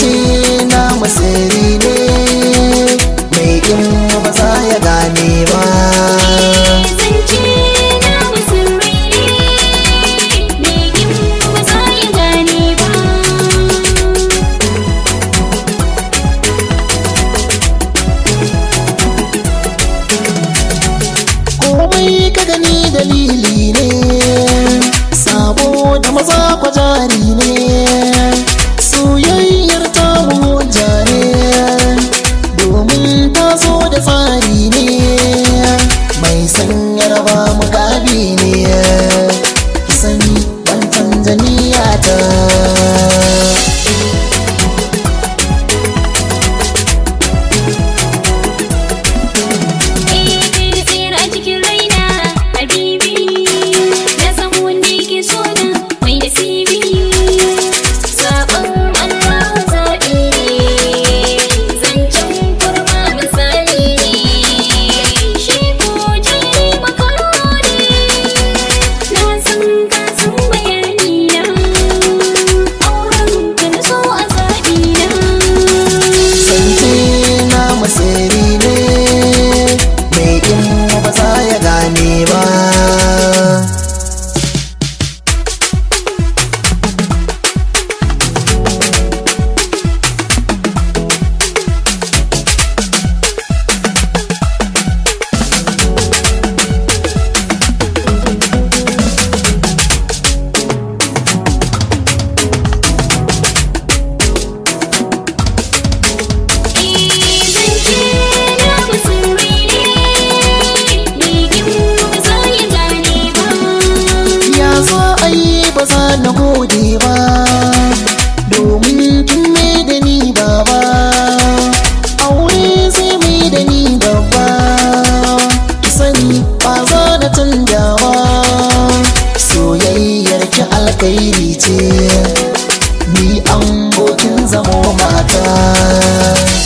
zance na masiri ne mai in ba za ya gane ba Komai ka gani dalili mukabi ne ne ba alkhairi ce ni an bokin zamo mata